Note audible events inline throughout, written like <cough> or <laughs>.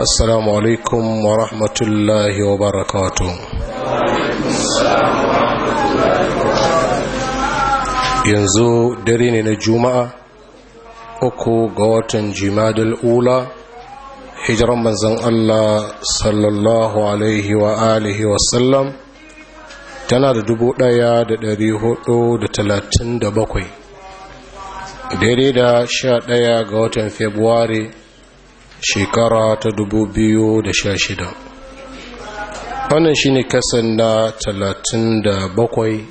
السلام عليكم ورحمة الله وبركاته yanzu dare ne na juma'a uku ga watan jimadul ula hijiran manzan Allah sallallahu alaihi wa alihi sallam tana da dubu ɗaya da dari hudu da talatin da bakwai daidai da sha ɗaya ga watan februari shekara ta dubu biyu da sha shida. wannan shine kasan na talatin da bakwai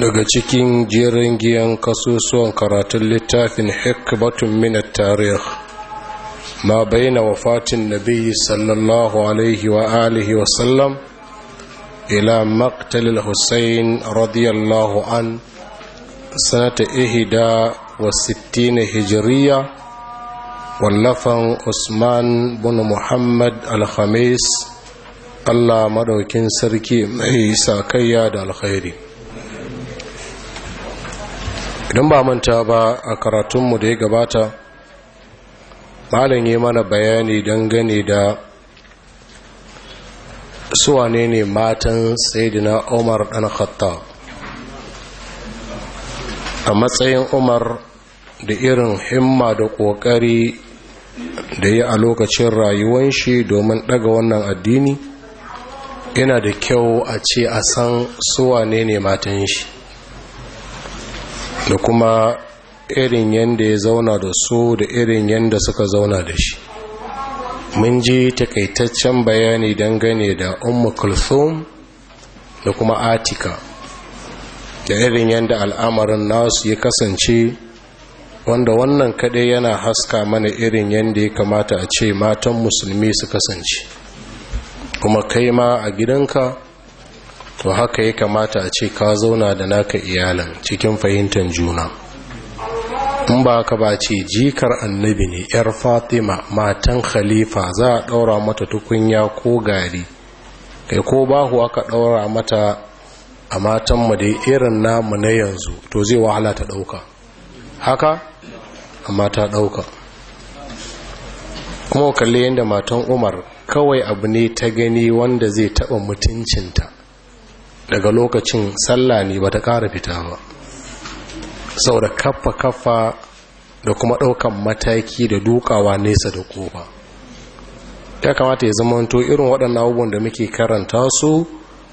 daga cikin jerin giyan kasusuwan karatun littafin hikbatun minat tarih ma bayyana wafatin nabi sallallahu alaihi wa alihi wa sallam ila maktalil hussein radiyallahu an sanata ihida wa sittina hijiriya wallafan usman bin muhammad alhamis allah maɗaukin sarki mai sakayya da alkhairi idan ba manta ba a karatunmu da ya gabata malam yi mana bayani dangane da suwane ne matan sayidina umar dan khattab a matsayin umar da irin himma da ƙoƙari da ya a lokacin rayuwan shi domin ɗaga wannan addini yana da kyau a ce a san suwa ne ne matan shi da kuma irin yadda ya zauna da su da irin yadda suka zauna da shi mun ji takaitaccen bayani dangane da ummu kulthum da kuma atika da irin yadda al'amarin nasu ya kasance wanda wannan kaɗai yana haska mana irin yadda ya kamata a ce matan musulmi su kasance kuma kai ma a gidanka to haka ya kamata a ce ka zauna da naka iyalan cikin fahimtar juna in ba ka ba ce jikar annabi ne yar fatima matan khalifa za a ɗaura mata tukunya ko gari kai ko bahu aka ɗaura mata a matanmu da irin namu na yanzu to zai wahala ta ɗauka haka amma ta ɗauka kuma kalli yadda matan umar kawai abu ne ta gani wanda zai taɓa mutuncinta daga lokacin sallah ne ba ta ƙara fita ba sau da kaffa-kaffa da kuma ɗaukan mataki da dukawa nesa da ƙofa ya kamata ya zama to irin waɗannan abubuwan da muke karanta su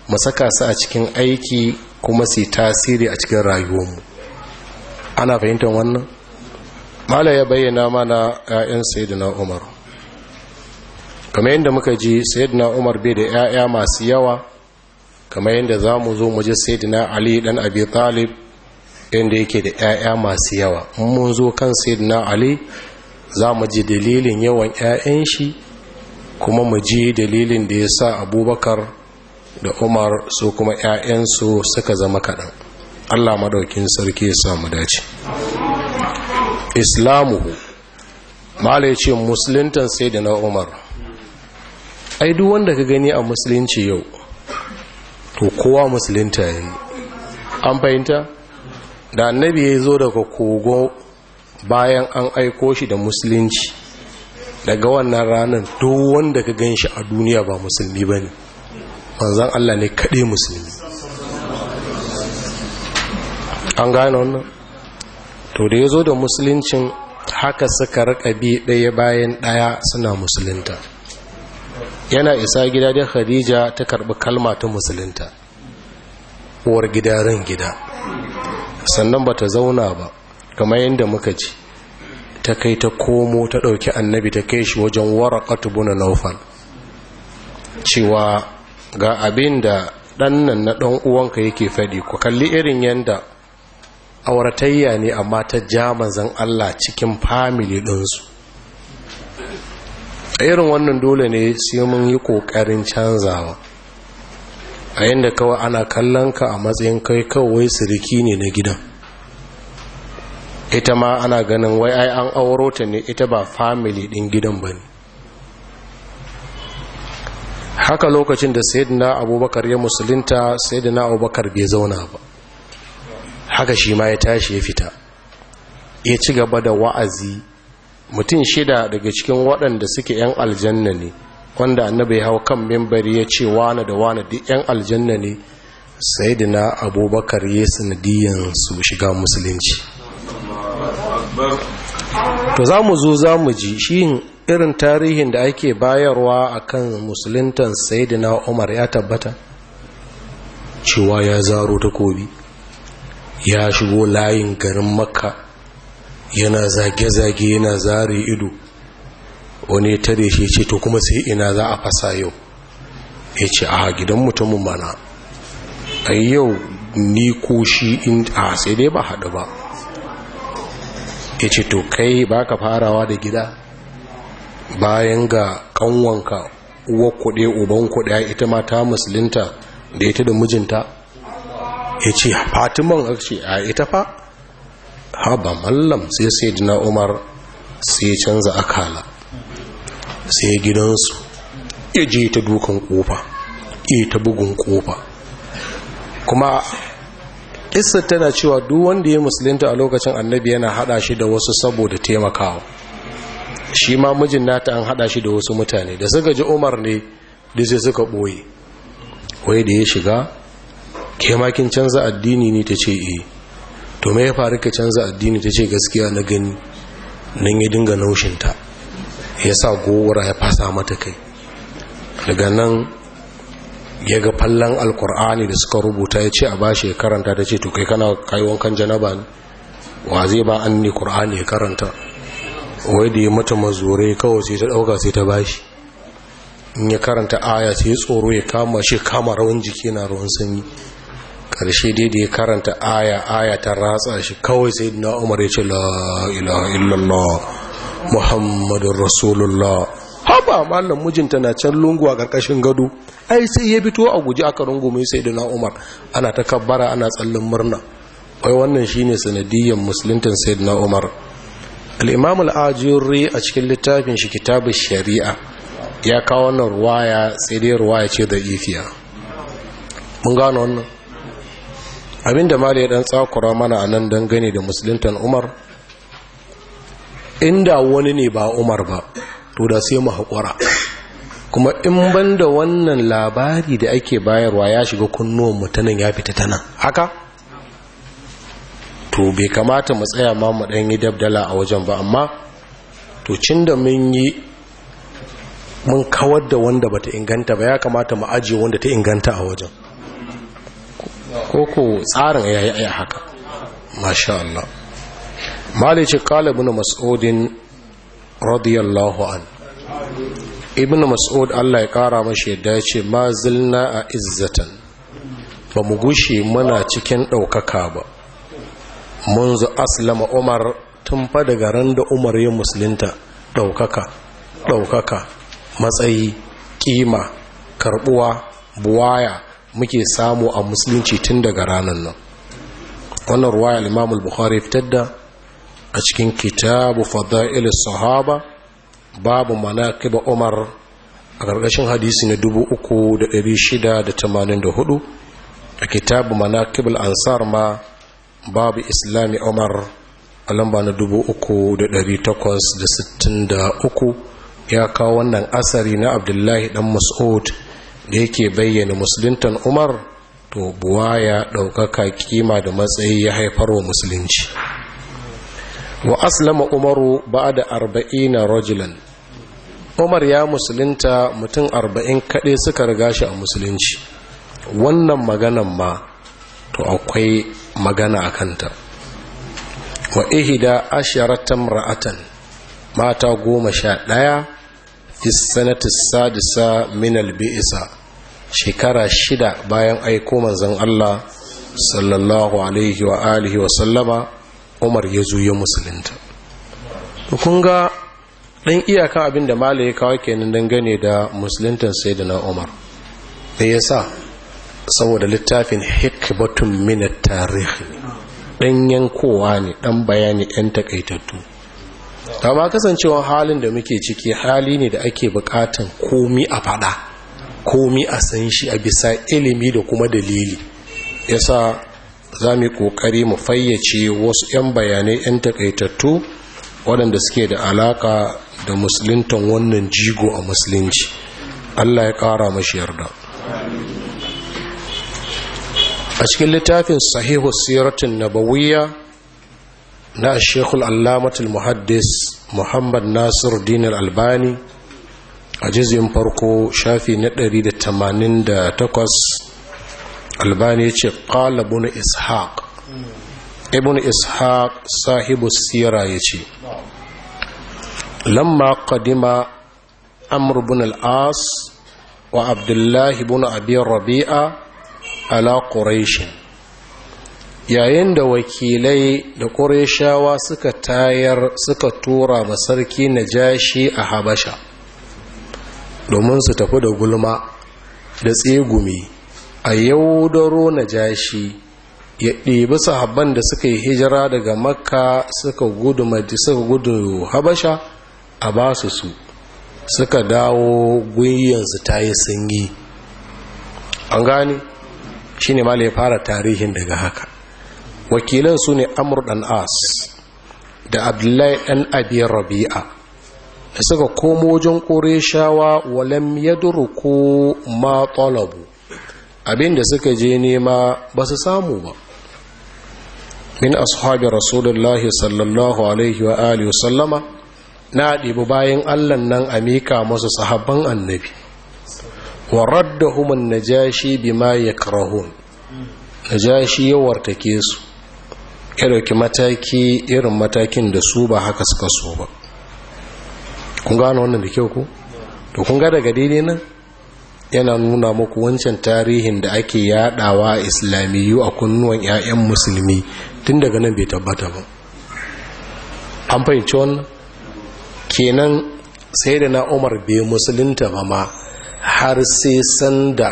mu saka su a cikin aiki kuma su tasiri a cikin rayuwarmu ana fahimtar wannan mala ya bayyana mana 'ya'yan sayyidina umar kamar yadda muka ji sayyidina umar bai da 'ya'ya masu yawa kamar yadda za mu zo mu ji sayyidina ali dan abi talib yadda yake da 'ya'ya masu yawa mun zo kan sayyidina ali za mu ji dalilin yawan 'ya'yan shi kuma mu ji dalilin da ya sa abubakar da umar su kuma 'ya'yansu suka zama kaɗan allah maɗaukin sarki ya samu dace islamuhu mala ya ce musulintan sai da na umar ai duk wanda ka gani a musulunci yau to kowa musulinta ya yi an fahimta da annabi ya zo daga kogo bayan an aiko shi da musulunci daga wannan ranar duk wanda ka gan a duniya ba musulmi ba ne manzan allah ne kaɗai musulmi an gane wannan to da ya zo da musuluncin haka suka rika bi ɗaya bayan ɗaya suna musulunta yana isa gida da khadija ta karɓi kalma ta musulunta uwar ran gida sannan ba ta zauna ba kamar yadda muka ji. ta kai ta komo ta ɗauki annabi ta kai shi wajen warakatu buna naufal cewa ga abin da ɗannan na ɗan uwanka yake faɗi ku kalli irin yadda auratayya ne amma ta ja zan Allah cikin family ɗinsu a irin wannan dole ne sai mun yi ƙoƙarin canzawa a yadda kawai ana kallon ka a matsayin kai kawai siriki ne na gidan ita ma ana ganin wai ai an auro ta ne ita ba family ɗin gidan ba ne haka lokacin da sayyidina abubakar ya musulunta sayyidina abubakar bai zauna ba haka shi ma ya tashi ya fita ya ci gaba da wa'azi mutum shida daga cikin waɗanda suke 'yan aljanna ne wanda annabi ya hau kan mimbari ya ce wane da wane duk 'yan aljanna ne Saidina abubakar ya sanadiyan su shiga musulunci to za mu zo za mu ji shi irin tarihin da ake bayarwa akan musuluntan Saidina umar ya tabbata cewa ya zaro takobi ya shigo layin garin makka yana zage-zage yana zare ido wani tare shi ce to kuma sai ina za a fasa yau ya ce a gidan mutumin mana a yau ni ko shi in a sai dai ba haɗu ba ya ce to kai ba ka farawa da gida bayan ga kanwanka uwa kuɗe uban kuɗe ita ma musulinta da ita da mijinta ya ce fatiman a ce a ita fa haba mallam sai sai dina umar sai canza akala sai gidansu ya je ta dukan kofa ya ta bugun kofa kuma isa tana cewa duk wanda ya musulunta a lokacin annabi yana hada shi da wasu saboda taimakawa shi ma mijin nata an hada shi da wasu mutane da suka ji umar ne da sai suka boye wai da ya shiga ke makin canza addini ne ta ce e to mai ya faru ka canza addini ta ce gaskiya na gani nan ya dinga naushinta ya sa gowara ya fasa mata kai daga nan ya ga fallon alkur'ani da suka rubuta ya ce a bashi ya karanta ta ce to kai kana kaiwon kan janaba ne wa zai ba an ne kur'ani ya karanta wai da ya mata mazore kawai sai ta ɗauka sai ta bashi in ya karanta aya sai tsoro ya kama shi kama rawan jiki na rawan sanyi karshe dai da ya karanta aya aya ta ratsa shi kawai sai na umar ya ce la ilaha illallah muhammadun rasulullah haba mallam mijinta na can lungu a ƙarƙashin gado ai sai ya fito a guji aka rungume sai na umar ana ta kabbara ana tsallin murna wai wannan shine sanadiyyar musuluntan sai na umar al'imam al'ajiyarri a cikin littafin shi kitabin shari'a ya kawo wannan ruwaya sai dai ruwaya ce da ifiya mun gano wannan abinda mala ya dan tsakura mana a nan dangane da musuluntan umar inda wani ne ba umar ba to da sai mu haƙura kuma in ban da wannan labari da ake bayarwa ya shiga kunnuwan mutanen ya fita ta nan haka to bai kamata mu tsaya ma mu ɗan yi dabdala a wajen ba amma to cin da mun yi mun kawar da wanda bata inganta ba ya kamata mu ajiye wanda ta inganta a wajen ko ko tsarin ya yi haka masha Allah malice kala mas'udin radiyallahu an ibn mas'ud Allah ya kara mashi yadda ya ce ma zilna a izzatan ba mu gushe mana cikin ɗaukaka ba mun zo aslama umar tun fa garin da umar ya musulunta ɗaukaka ɗaukaka matsayi kima karbuwa buwaya muke samu a musulunci tun daga ranar nan wannan ruwa al-imam al-bukhari fitar da a cikin kitabu fada'il sahaba babu kiba umar a gargashin hadisi na 3684 a kitabu manaqib al-ansar ma babu islami umar a lamba na 3863 ya kawo wannan asari na abdullahi dan mas'ud da yake bayyana musuluntan umar to buwa ya ɗaukaka kima da matsayi ya haifar wa musulunci wa aslama umaru ba da arba'ina rajulan umar ya musulunta mutum arba'in kaɗai suka riga shi a musulunci wannan maganan ma to akwai magana a kanta wa ihida asharatan ra'atan mata goma sha ɗaya fi sanatar sadisa min albi'isa shekara shida bayan aiko manzan Allah sallallahu alaihi wa alihi wa sallama Umar ya zo ya musulunta kun ga ɗan iyakan abin da mala ya kawo kenan dangane da musuluntan na Umar me sa saboda littafin hikbatun minar tarihi ɗan yankowa ne ɗan bayani ɗan takaitattu ma kasancewa halin da muke ciki hali ne da ake bukatan komi a faɗa komi a san shi a bisa ilimi da kuma dalili yasa za mu yi ƙoƙari mu fayyace wasu 'yan bayanai 'yan takaitattu waɗanda suke da alaƙa da musuluntan wannan jigo a musulunci allah ya ƙara mashi yarda a cikin littafin sahihu siratun nabawiyya na shekul allamatul muhaddis muhammad nasiru dinar albani a farko shafi na 188 albani ya ce ƙalabun ishaq ibn ishaq sahibu sira ya ce lamma kadima amr bin al'as wa abdullahi bin abin rabi'a ala ƙorashin yayin da wakilai da ƙorashawa suka tayar suka tura masarki na jashi a habasha domin su tafi da gulma da tsegumi a yaudaro na jashi ya ɗebi sahabban da suka yi hijira daga makka suka gudu suka gudu habasha a basu su su suka dawo gwiyansu ta yi sanyi an gane shi ne ya fara tarihin daga haka wakilan su ne amur ɗan as da abdullahi ɗan abin rabi'a da suka komo wajen shawa walam ya ko ma talabu abinda suka je nema ba su samu ba min ashabi rasulullahi sallallahu alaihi wa alihi sallama na ɗibi bayan allan nan a mika masu sahabban annabi wa raddahum an-najashi bima yakrahun najashi ya wartake su ya dauki mataki irin matakin da su ba haka suka so ba kun gano wannan da kyau ku to kun ga daga daidai nan yana nuna muku wancan tarihin da ake yadawa islamiyu a kunnuwan 'ya'yan musulmi tun daga nan bai tabbata ba an fahimci wannan kenan sai da na umar bai musulunta ba ma har sai sanda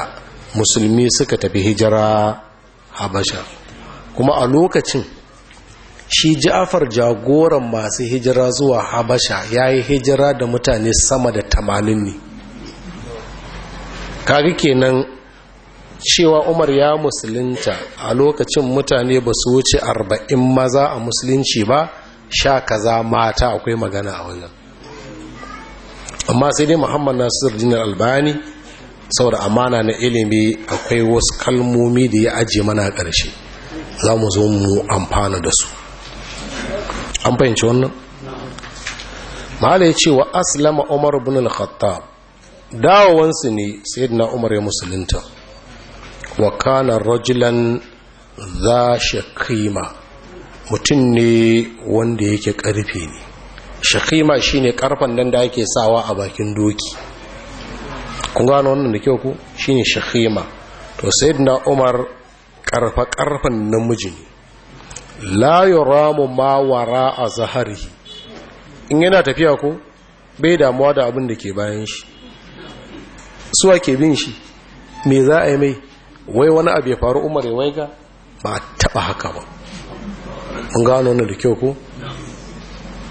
musulmi suka tafi hijira habasha kuma a lokacin shi ja'afar jagoran masu hijira zuwa habasha ya yi hijira da mutane sama da tamanin ne kaga kenan cewa umar ya musulunta a lokacin mutane ba su wuce arba'in maza a musulunci ba sha kaza mata akwai magana a wannan amma sai dai muhammad nasir dinar albani saboda amana na ilimi akwai wasu kalmomi da ya ajiye mana ƙarshe za mu zo mu amfana da su an fahimci wannan mahala ya ce aslama umar ibn al-khattab dawowansu ne sayyidina umar ya musulunta wa kana rajulan za shakima mutum ne wanda yake karfe ne shakima shine karfan nan da ake sawa a bakin doki kun gano wannan da kyau ku shine shakima to sayyidina umar karfa karfan namiji ne la yuramu ma wara a zaharihi in yana tafiya ko bai damuwa da abin da ke bayan shi suwa ke bin shi me za a yi mai wai wani abu ya faru umar ya waiga ba a taba haka ba An gano wani da kyau ko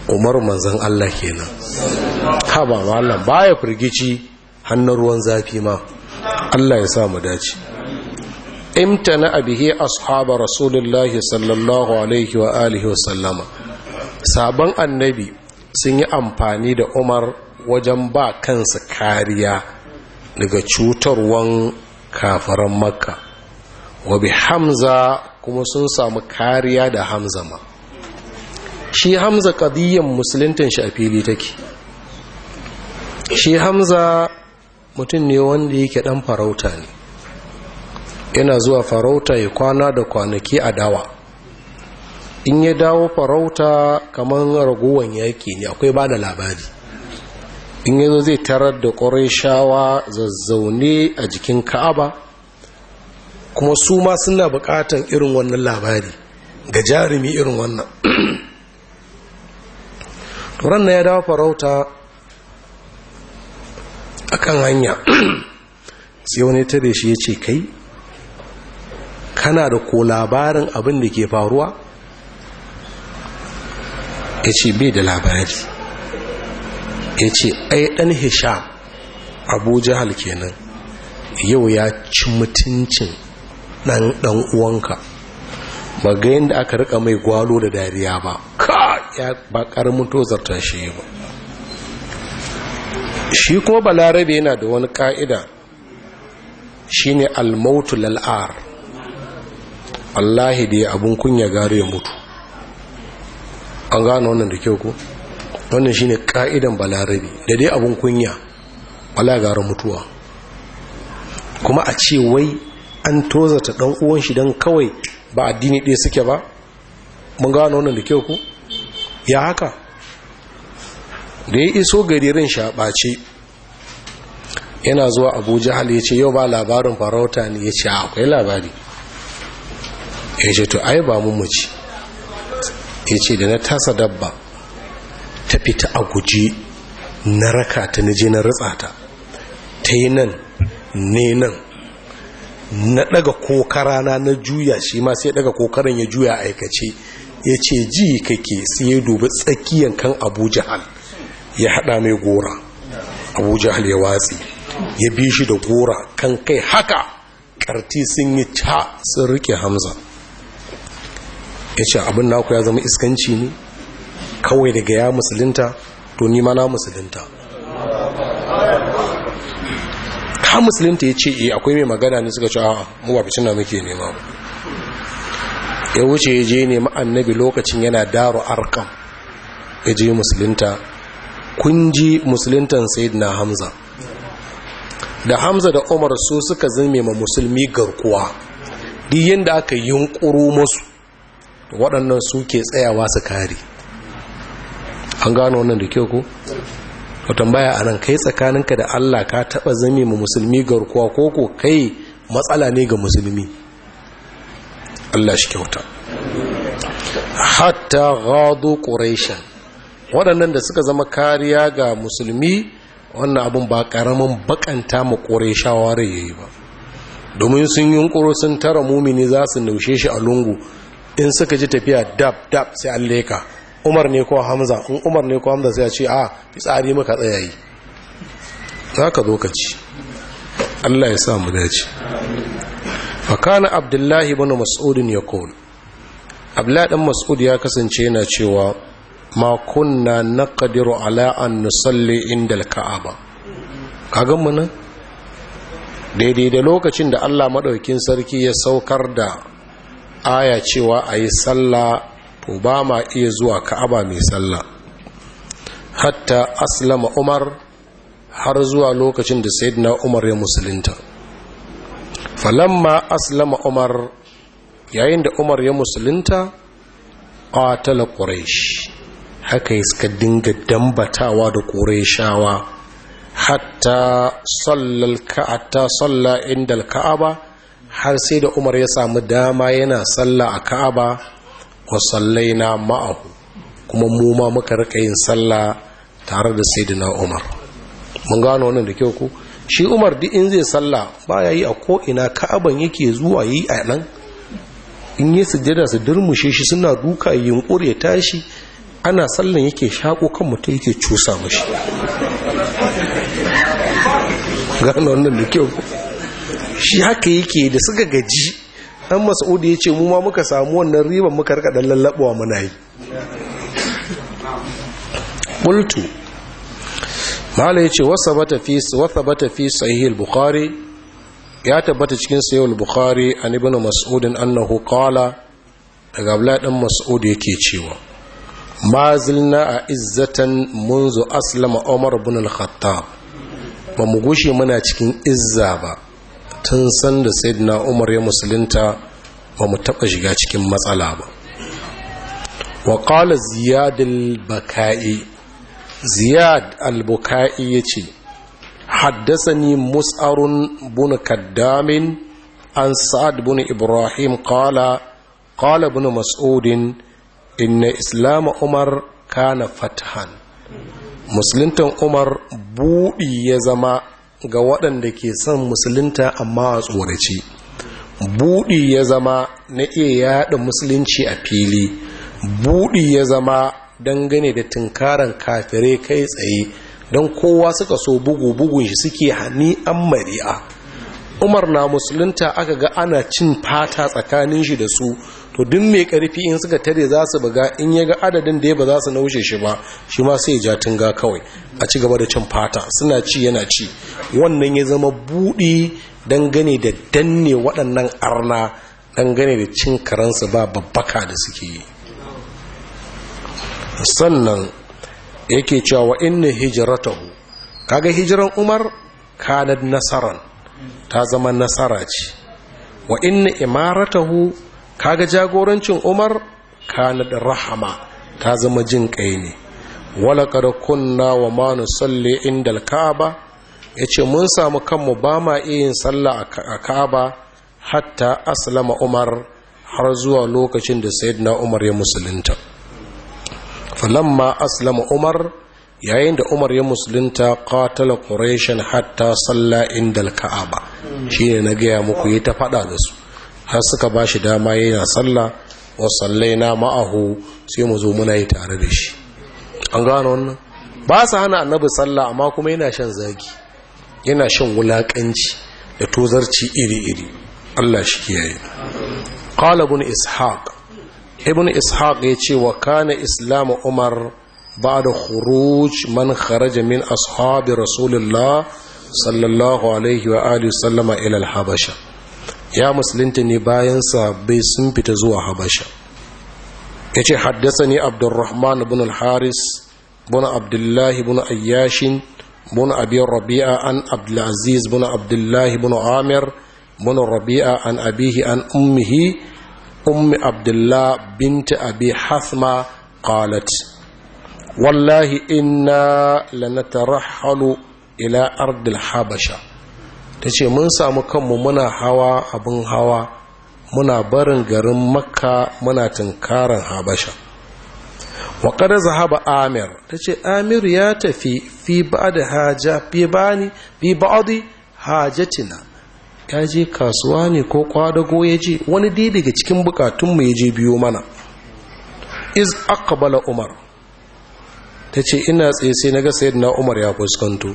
Umar manzan Allah kenan ha ba ma Allah baya firgici hannun ruwan zafi ma Allah ya sa mu dace imtana abihi ashaba rasulullahi alaihi wa sabon annabi sun yi amfani da umar wajen ba kansa kariya daga cutarwan kafaran makka wa bi hamza kuma sun samu kariya da hamza ma shi hamza kadiyyar musuluntan shi a fili take shi hamza mutum ne wanda yake dan farauta ne yana zuwa farauta ya kwana da kwanaki a dawa in ya dawo farauta kamar raguwan yaƙi ne akwai ba da labari in ya zo zai tarar da kwarai shawa zazzaune a jikin ka'aba kuma su ma suna bukatan irin wannan labari ga jarumi irin wannan turan na ya dawo farauta a kan hanya sai wani tare shi ya ce kai kana da ko labarin abin da ke faruwa ya ce bai da labari ya ce ai ɗan Hisha abu jihal kenan yau ya ci mutuncin ɗan ɗan uwanka ba ga yadda aka rika mai gwalo da dariya ba ka ya ba ƙaramin tozarta shi ba shi kuma balarabe yana da wani ƙa'ida ne almautu lal'ar wallahi da ya abin kunya gari ya mutu an gano wannan da kyau ku wannan shi ne ka'idan balarabi da dai abin kunya wallahi gara mutuwa kuma a ce wai an tozata dan uwan shi dan kawai ba addini ɗaya suke ba mun gano wannan da kyau ku ya haka da ya iso gari ran shaɓace yana zuwa abuja hal ya ce yau ba labarin farauta ne ya ce akwai labari ya ce to ai ba mu mace ya ce da na tasa dabba ta fita a guji na raka ta na je na ritsa ta ta yi nan ne nan na daga kokarana na juya shi ma sai daga kokarin ya juya aikace ya ce ji kake sai ya dubi tsakiyan kan abu jahal ya hada mai gora abu jahal ya watsi ya bi shi da gora kan kai haka karti sun yi ca sun rike hamza ya ce abin naku ya zama iskanci ne kawai daga ya musulunta to nima na musulunta ka musulunta ya ce e akwai mai magana ne suka ce a mu na muke nema ya wuce ya je nema annabi lokacin yana daro arkam ya je musulunta kunji musuluntan na hamza da hamza da umar su suka zame ma musulmi garkuwa duk yadda aka yi yunkuru masu. waɗannan su ke tsayawa su kare an gano wannan da kyau ko ka tambaya a nan kai tsakaninka da allah ka taɓa zame ma musulmi garkuwa ko ko kai matsala ne ga musulmi allah shi kyauta hatta gado ƙureshen waɗannan da suka zama kariya ga musulmi wannan abin ba ƙaramin bakanta ma ƙureshawa rai ya ba domin sun yi sun tara mumini za su naushe shi a lungu in suka ji tafiya dab dab sai an leka umar ne ko hamza in umar ne ko hamza sai a ce a ah, fitsari maka tsayayi za ka zo ka ci allah ya sa mu dace fakana abdullahi bin mas'udin ya kowl abdullahi dan mas'ud ya kasance yana cewa ma kunna na ala ala'an nusalli inda kaaba kagan mu nan daidai da lokacin da allah maɗaukin sarki ya saukar da aya cewa a yi sallah to ba ma iya zuwa ka'aba mai sallah hatta aslama umar har zuwa lokacin da na umar ya musulunta falamma aslama umar yayin da umar ya musulunta ƙatala quraish haka yi suka dinga dambatawa da ƙuraishawa hatta sallal ka'ata salla inda ka'aba kaaba har sai da umar ya samu dama yana sallah a ka'aba wa na ma'ahu kuma mu ma muka rika yin sallah tare da na umar mun gano wannan da kyau ko shi umar duk in zai sallah ya yi a ko'ina ka'aban yake zuwa yi a nan in yi jada su durmushe shi suna duka yunkur ya tashi ana sallan yake shako kan mutum yake cusa mashi gano wannan da kyau shi haka yake da suka gaji ɗan mas'ud ya ce mu ma muka samu wannan riban muka rika dan lallabawa muna yi qultu mala yace wasabata fi wasabata fi sahih al-bukhari ya tabbata cikin sahih al-bukhari an ibn mas'ud annahu qala daga abdullahi dan mas'ud yake cewa ma zilna a izzatan munzu aslama umar ibn al ba mu gushe muna cikin izza ba tun sanda na umar ya musulunta ba mu taɓa shiga cikin matsala ba wa ƙala ziyad bakai ziyad al-buka'i ya ce haddasani mus'arun bun kaddamin an sa'ad bin ibrahim kala kala bin mas'udin inna islam umar kana fathan musuluntan umar buɗi ya zama ga waɗanda ke son musulunta amma a tsorace buɗi ya zama na iya yaɗa musulunci a fili buɗi ya zama dangane da tunkaran kafirai kai tsaye don kowa suka so bugu bugun shi suke hannu an mari'a umar na musulunta aka ga ana cin fata tsakanin shi da su to duk mai karfi in suka tare za su buga in ya ga adadin da ya ba za su naushe shi ba shi ma sai ja tunga kawai a ci gaba da cin fata suna ci yana ci wannan ya zama buɗi dangane da danne waɗannan arna dangane da cin karansu ba babbaka da suke yi sannan yake cewa wa inna hijratahu kaga hijiran umar kanad nasaran ta zama nasara ce wa inna imaratahu kaga jagorancin umar ka da rahama ta zama jin kai ne walakar kunna wa ma salli inda alka'aba yace mun samu kanmu ba ma yin sallah a ka'aba hatta aslama umar har zuwa lokacin da sayyidina umar ya musulunta falamma aslama umar yayin da umar ya musulunta qatala quraishan hatta salla inda alka'aba shine na gaya muku yi ta fada da su har suka ba shi dama yana sallah wasallai na ma'ahu sai mu zo muna yi tare da shi an gano wannan ba su hana annabi sallah amma kuma yana shan zagi yana shan wulaƙanci, da tozarci iri-iri Allah shi kiyaye qala ibn ishaq ibn ishaq ce wa kana islamu umar ba'da khuruj man kharaja min ashabi rasulillah sallallahu alaihi wa alihi sallama ila al-habasha ya musulunta ne bayan sabai sun fita zuwa habasha ya ce haddasa ne abdurrahman bin al-haris bin abdullahi bin ayyashin bin abin rabi'a an abdulaziz bin abdullahi bin amir bin rabi'a an abihi an ummihi ummi abdullah binta abi hasma qalat wallahi inna lanatarahhalu ila ardil habasha ta ce mun samu kanmu muna hawa abin hawa muna barin garin makka muna tunkarar habasha waƙar zahaba amir ta ce amir ya tafi fi ba'adi haja fi bani fi ba'adi hajatina ya je kasuwa ne ko kwadago ya je wani dai daga cikin bukatunmu ya je biyo mana iz akabala umar ta ce ina tsaye sai na ga na umar ya fuskanto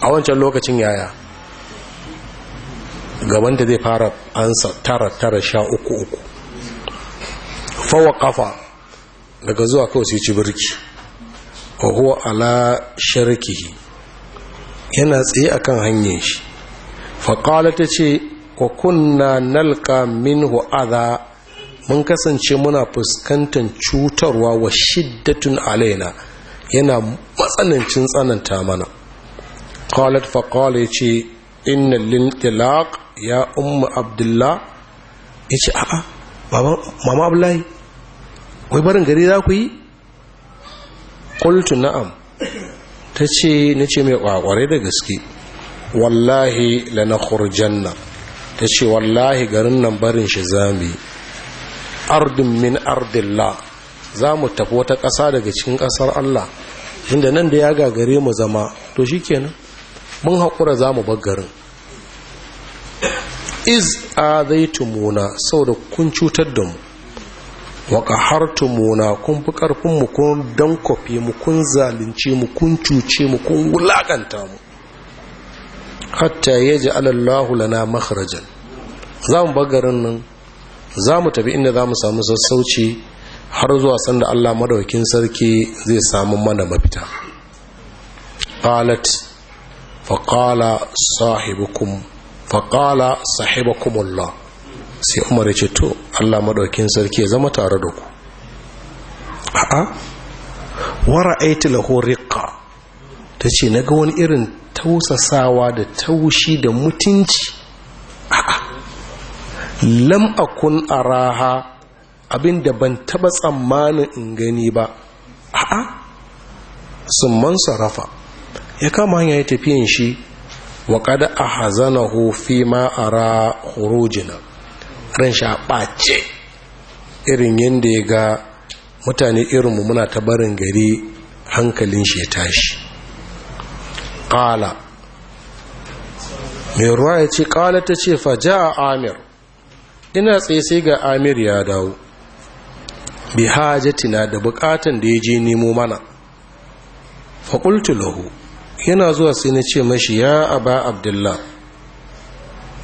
a wancan lokacin yaya Gaban da zai fara ansa tara tara sha uku uku fawa kafa daga zuwa kawai sai ci birki wa huwa ala sharkihi yana tsaye akan hanyar shi faƙala ta ce wa kunna nalka minhu adha mun kasance muna fuskantar cutarwa wa shiddatun alaina yana matsanancin tsananta mana faƙala ya ce. inna lintilaq ya umma abdullah ya ce a'a mama abdullahi wai barin gari za ku yi ƙultu na'am ta ce na ce mai ƙwaƙware da gaske wallahi lana janna ta ce wallahi garin nan barin shi zami ardun min ardillah za mu tafi wata ƙasa daga cikin ƙasar allah inda nan da ya gagare mu zama to shi kenan mun haƙura za mu garin iz a zai tumuna saboda kun cutar da mu har tumuna kun fi ƙarfinmu kun dankwafe mu kun zalunce mu kun cuce mu kun wulaƙanta mu hatta ya ji alallahu lana makharajan za mu garin nan za mu tafi inda za mu samu sassauci har zuwa sanda allah madaukin sarki zai samu mana mafita Alat. faƙala sahibukum faƙala sahibakumullah sai umar ya ce to allah maɗaukin sarki ya zama tare da ku a'a wara aiti lahu ta ce na ga wani irin tausasawa da taushi da mutunci a'a lam akun araha abinda ban taɓa tsammanin in gani ba a'a sun man sarrafa ya kama hanya ya tafiyan shi wa kada a hazana hofi ma'ara horojina ran sha ɓace irin yadda ya ga mutane irinmu muna ta barin gari hankalin shi ya tashi ƙala mai ruwa ya ce ƙala ta ce fa ja a amir ina tsaye ga amir ya dawo bi na da bukatan da ya je nemo mana faƙultu lahu yana zuwa sai na ce mashi ya aba abdullah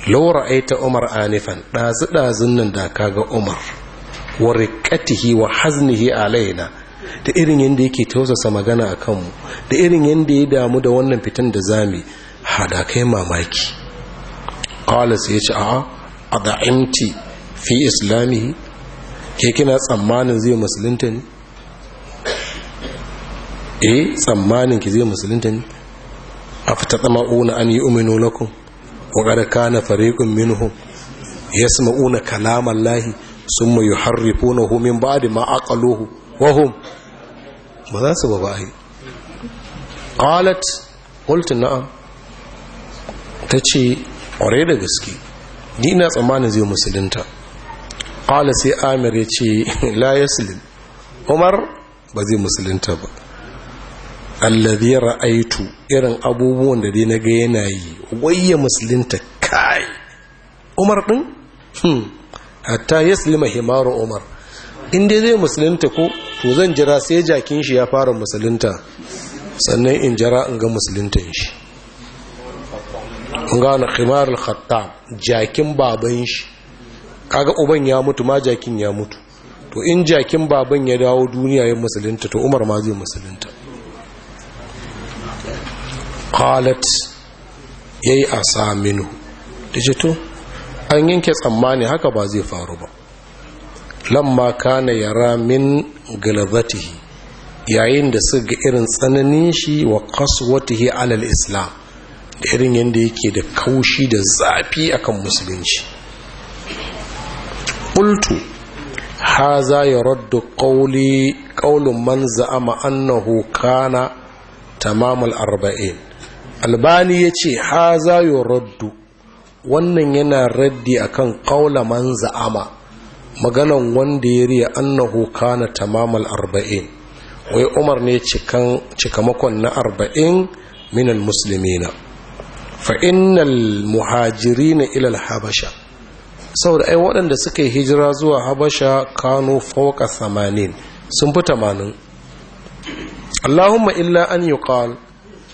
laura aita umar anifan ɗazu-ɗazun nan da ka ga umar wa riƙatihi wa haznihi alaina da irin yadda yake tausasa magana a kanmu da irin yadda ya damu da wannan fitan da zami hada kai mamaki ƙalas ya ce a a fi islamihi ke kina tsammanin zai musulunta ne eh tsammanin ki zai musulunta ne aftatma'una an yu'minu lakum wa qad kana fariqun minhum yasma'una kalama allahi summa yuharrifunahu min ba'di ma aqaluhu wa hum ba za su ba ba ai qalat qultu na'am tace ƙware da gaske ni na tsammanin zai musulunta qala sai amir ya ce la yaslim umar ba zai musulunta ba alladhi ra'aitu irin abubuwan da dai na ga yana yi wayya musulunta kai umar din hmm hatta yaslima himaru umar in dai zai musulunta ko to zan jira sai jakin shi ya fara musulunta sannan in jira in ga musuluntan shi kun gane khimar al-khattab jakin baban shi kaga uban ya mutu ma jakin ya mutu to in jakin baban ya dawo duniya ya musulunta to umar ma zai musulunta qalat yayi asaminu Saminu. to an yanke tsammani haka ba zai faru ba lamma kana yara min galazatihi yayin da su ga irin tsananin shi wa qaswatihi alal islam da irin yanda yake da kaushi da zafi akan musulunci qultu haza yaraddu qawli qawlu man za'ama annahu kana tamamul arba'in albani ya ce ha za raddu wannan yana raddi akan kan man za'ama maganan wanda ya riya annahu kana tamamal arba'in wai umar ne cikamakon na arba'in minal musulmina fa'innal muhajiri na ilal habasha saboda ai waɗanda suka yi hijira zuwa habasha kano fauka 80 sun fi 80 allahumma illa an yi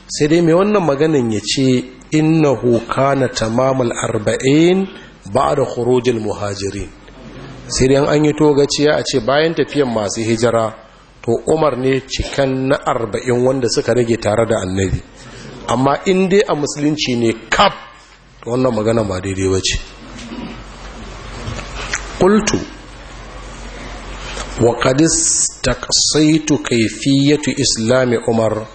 sai dai mai wannan maganin ya ce innahu na tamamul arba'in ba da khurujil muhajirin sai dai an yi togaciya a ce bayan tafiyan masu hijira to umar ne cikin na arba'in wanda suka rage tare da annabi amma in dai a musulunci ne kaf wannan magana ba daidai ba ce ƙultu wa ƙadis taƙasaitu kaifiyatu islami umar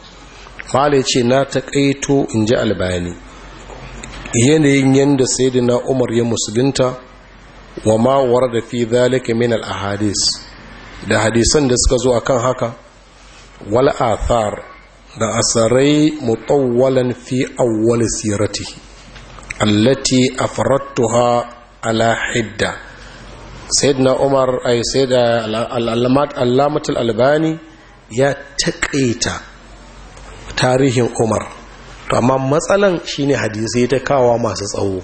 mala ce na taƙaito in ji albani yanayin yadda na umar ya musulunta wa ma da fi zalika min al ahadis da hadisan da suka zo akan haka wal athar da asarai mutawwalan fi awwal sirati allati afradtuha ala hidda sayyidina umar ay sayyida al-alamat al-albani ya taƙaita tarihin umar to amma matsalan shine hadisai ta kawa masu tsawo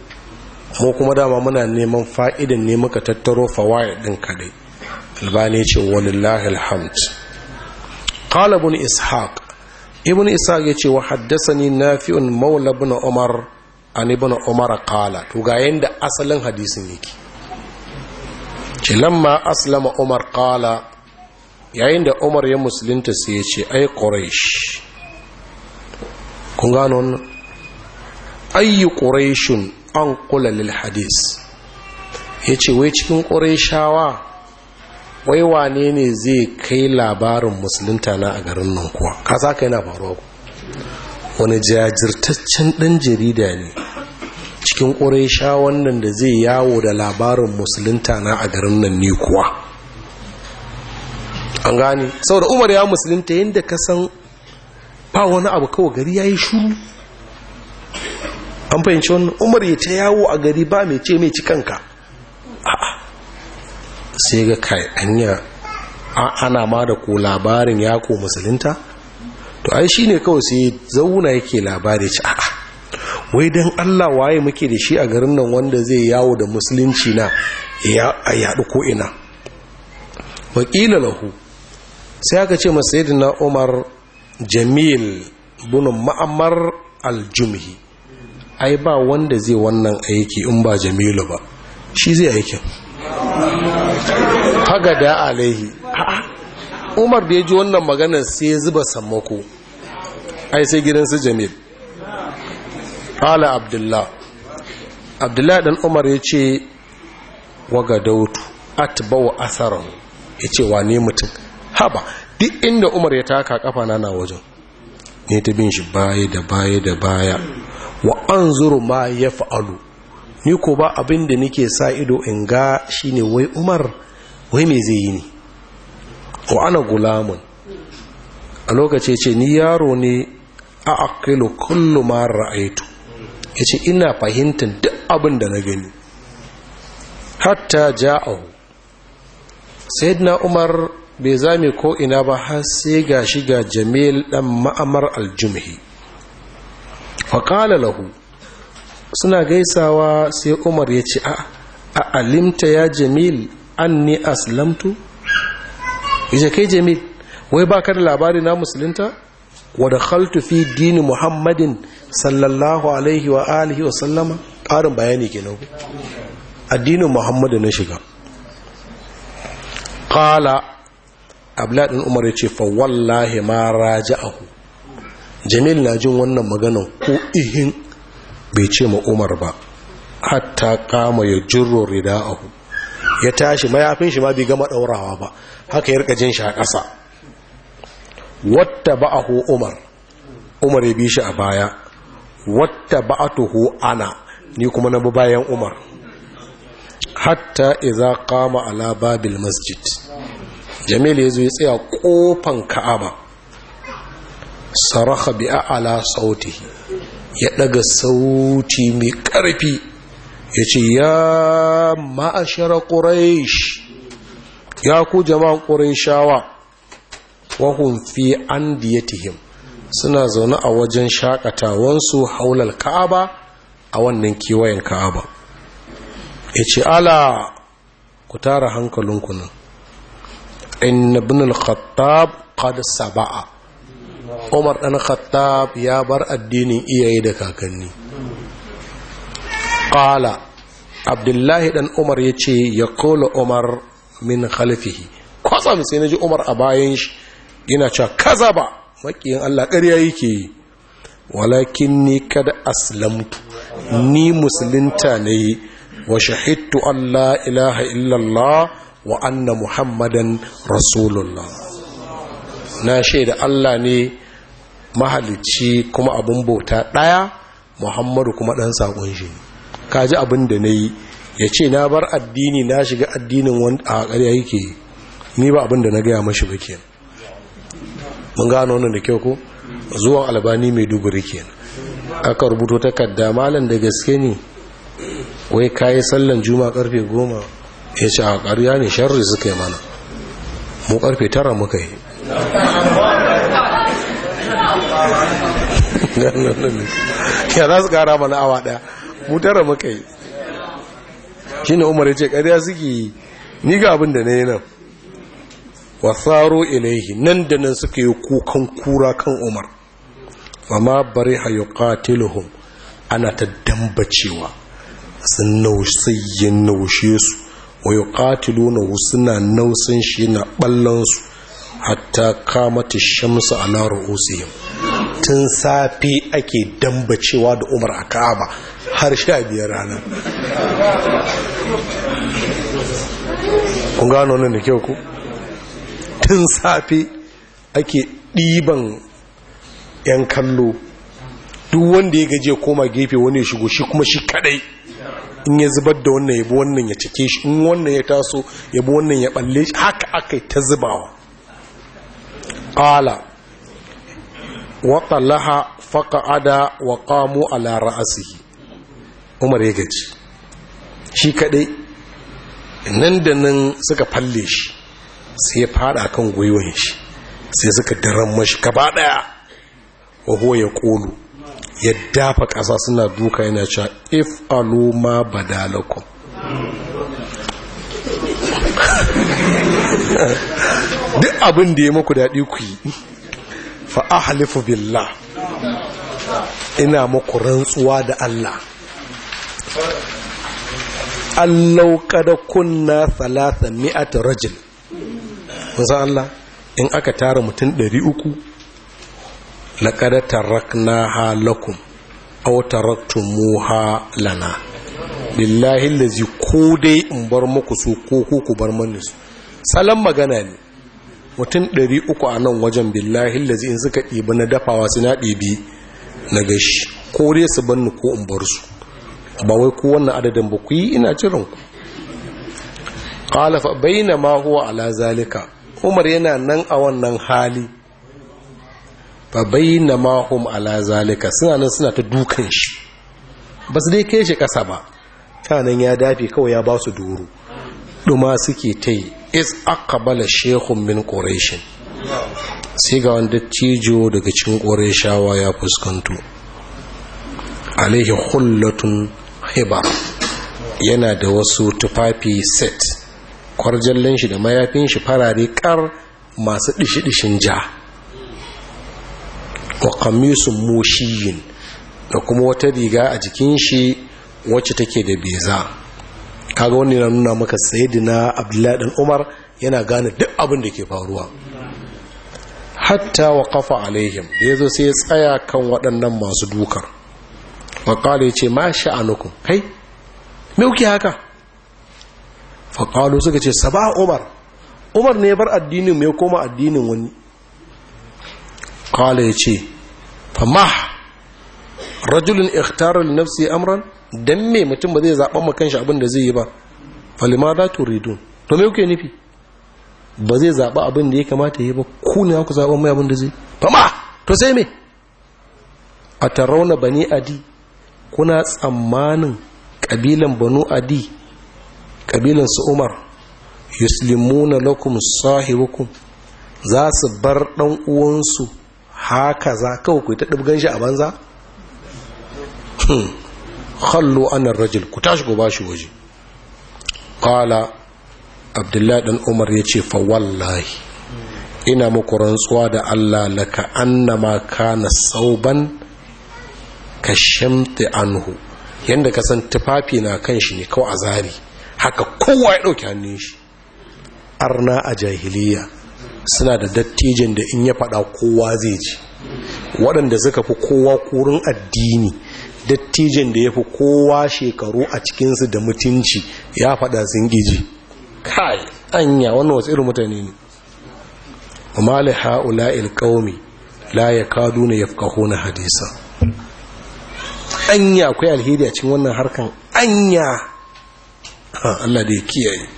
mu kuma dama muna neman fa'idan ne muka tattaro fawaid din kadai albani ce walillahi alhamd qala ibn ishaq ibn ishaq yace wa haddathani nafi'un maula ibn umar an ibn umar qala to ga yanda asalin hadisin yake ce lamma aslama umar qala yayin da umar ya musulunta sai ya ce ai quraish kun gano wannan ayyu quraishun an kula lil hadis ce wai cikin quraishawa wai wane ne zai kai labarin musulunta na a garin nan kuwa ka sa kai na faruwa wani jajirtaccen ɗan jarida ne cikin ƙuraisha wannan da zai yawo da labarin musulunta na a garin nan ne kuwa an gane da umar ya musulunta yadda ka san ba wani abu kawai gari ya yi shuru an fahimci wani umar ya ta yawo a gari ba mai ce mai cikanka a'a sai ga kai anya ana ma da ko labarin ya ko musulunta to ai shi ne kawai sai zauna yake labari ci a'a wai don allah waye muke da shi a garin nan wanda zai yawo da musulunci na a yaɗu ko'ina ina lahu sai aka ce masu na umar jamil bin ma'amar aljumhi ai ba wanda zai wannan aiki in ba jamilu ba shi zai aikin da alaihi umar da ya ji wannan maganar sai ya zuba sammako ai sai gidansu jamil ala abdullah abdullah dan umar ya ce waga dautu atubawa asarar ya ce wa ne mutum haba duk inda umar ya taka kafa na na wajen ne ta bin shi baya da baya da baya wa an zuru ma ya fa'alu ni ko ba abin da nike sa ido in ga shi ne wai umar wai me zai yi ni wa ana gulamun a lokaci ce ni yaro ne a akilu kullu ma ra'aitu ya ce ina fahimtar duk abin da na gani hatta ja'ahu sayyidina umar bai zame ko ina ba har sai ga shi ga jamil dan ma'amar aljumhi faƙala lahu suna gaisawa sai umar ya ce a alimta ya jamil an ni aslamtu ya kai jamil wai ba ka da labari na musulunta wadda khaltu fi dini muhammadin sallallahu alaihi wa alihi wa sallama ƙarin bayani ke addinin muhammadu na shiga ƙala abladin umar ya ce fa wallahi ma raja'ahu jamil na jin wannan maganan ko ihin bai ce ma umar ba hatta kama ya jirro rida'ahu ya tashi mayafin shi ma bi gama daurawa ba haka ya rika jin shi a ƙasa wata ba'ahu umar umar ya bi shi a baya wata ba'atuhu ana ni kuma na bi bayan umar hatta iza kama ala babil masjid Jamilu ya zo ya tsaya kofan ka'aba saraha bi a'ala sautihi ya daga sauti mai karfi ya ce ya ma'ashara quraish ya ku jama'an qurayshawa wa hum fi andiyatihim suna zaune a wajen shakatawansu haular ka'aba a wannan kewayen ka'aba ya ce ala ku tara hankalinku nan in ibn al-khattab qad saba'a Umar dan Khattab ya bar addinin iyaye da kakanni qala Abdullahi dan Umar yace yaqulu Umar min khalfihi kwatsam sai naji Umar a bayan shi yana cewa kazaba makiyin Allah ƙarya yake yi ni kada aslamtu ni musulunta ne wa shahidtu Allah ilaha illallah wa anna muhammadan rasulullah na shaida Allah ne mahalicci kuma abin bauta ɗaya muhammadu kuma ɗan saƙon shi ka ji abin da na yi ya ce na bar addini na shiga addinin wani a ƙarya yake ni ba abin da na gaya mashi ba kenan mun gano wannan da kyau ko zuwan albani mai dubu kenan aka rubuto takarda malam da gaske ne wai kayi sallan juma'a karfe goma ya ce a ƙarya ne sharri suka yi mana mu ƙarfe tara muka yi <laughs> ya za su ƙara mana awa ɗaya mu tara muka yi shi ne umar ya ce ƙarya suke yi ni ga abin da na yi nan wasaro ilaihi nan da nan suka yi kukan kura kan umar amma bari hayo katiluhun ana ta dambacewa sun naushe su wayo katiluna suna nausin shi na ballansu hatta kamata shamsu ala ru'usihim tun safi ake dambacewa da umar a ka'aba har sha biyar rana kun gano nan da kyau ku tun safi ake ɗiban 'yan kallo duk wanda ya gaje koma gefe wani ya shigo shi kuma shi kadai in ya zubar da wannan yabo wannan ya cike shi in wannan ya taso yabo wannan ya balle shi haka aka ta zubawa qala wa talaha ada wa a ala asiri. umar ya gaji shi kaɗai nan da nan suka falle shi sai ya fada kan gwiwon shi sai suka daren mashi gaba ɗaya. wa ya kulu ya dafa ƙasa suna duka yana cewa if aluma badalakum <laughs> duk abin da ya maku daɗi ku yi fa'ahalifu billah ina maku rantsuwa da Allah allau kada kunna salasa mi'at rajin. Wasu Allah in aka tara mutum ɗari uku laƙada tarakna ha lakum au ha lana billahi lazi ko dai in bar muku su ko ku bar mani su salon magana ne mutum 300 a nan wajen billahi lazi in suka ɗibi na dafawa su na ɗibi na gashi ko dai su banni ko in bar su ba wai ko wannan adadin ba ku yi ina jiran ku Ƙalafa fa bainama huwa ala zalika umar yana nan a wannan hali Babai na mahum ala zalika suna nan suna ta dukan shi ba su dai kai shi ƙasa ba kanan ya dafe kawai ya ba su doro ɗuma suke ta yi is akabala shehun min ƙorashin sai ga wanda tijo daga cikin ƙorashawa ya fuskanto alaihi hullatun Hiba yana da wasu tufafi set kwarjallen shi da mayafin shi farare kar masu ɗishi-ɗishin ja wa kamisun moshiyin da kuma wata riga a jikin shi wacce take da beza kaga wani na nuna maka na abdullahi dan umar yana gane duk abin da ke faruwa hatta wa kafa alaihim da ya zo sai ya tsaya kan waɗannan masu dukar faƙalu ya ce ma sha'anukun kai me kuke haka faƙalu suka ce saba umar umar ne bar addinin mai koma addinin wani ƙala ya ce famah rajulun ikhtarar nafsi amran dan me mutum ba zai zaɓa ma kanshi abin da zai yi ba falima da turidu to me kuke nufi ba zai zaɓa abin da ya kamata yi ba ku ne ku zaɓa mai abin da zai fama to sai me a tarauna bani adi kuna tsammanin ƙabilan banu adi ƙabilan su umar yuslimuna lakum sahibukum za su bar ɗan uwansu haka za kawai ku ta ɗabgan shi a banza? Hmm. kallo anar rajil ku tashi ku bashi waje ƙala abdullahi dan umar ya ce fa wallahi ina muku rantsuwa da allah laka annama kana sauban ka shimti anhu yadda ka san tufafi na kan shi ne kawai a zari haka kowa ya ɗauki hannun shi arna a jahiliya suna da dattijin da in ya faɗa kowa zai ji waɗanda suka fi kowa kurin addini dattijin da ya fi kowa shekaru a cikinsu da mutunci ya faɗa sun giji kai anya wannan wasu irin mutane ne amma ha'ula ilkaumi la ya kadu na ya na hadisa anya akwai alheri a cikin wannan harkan anya Allah da ya kiyaye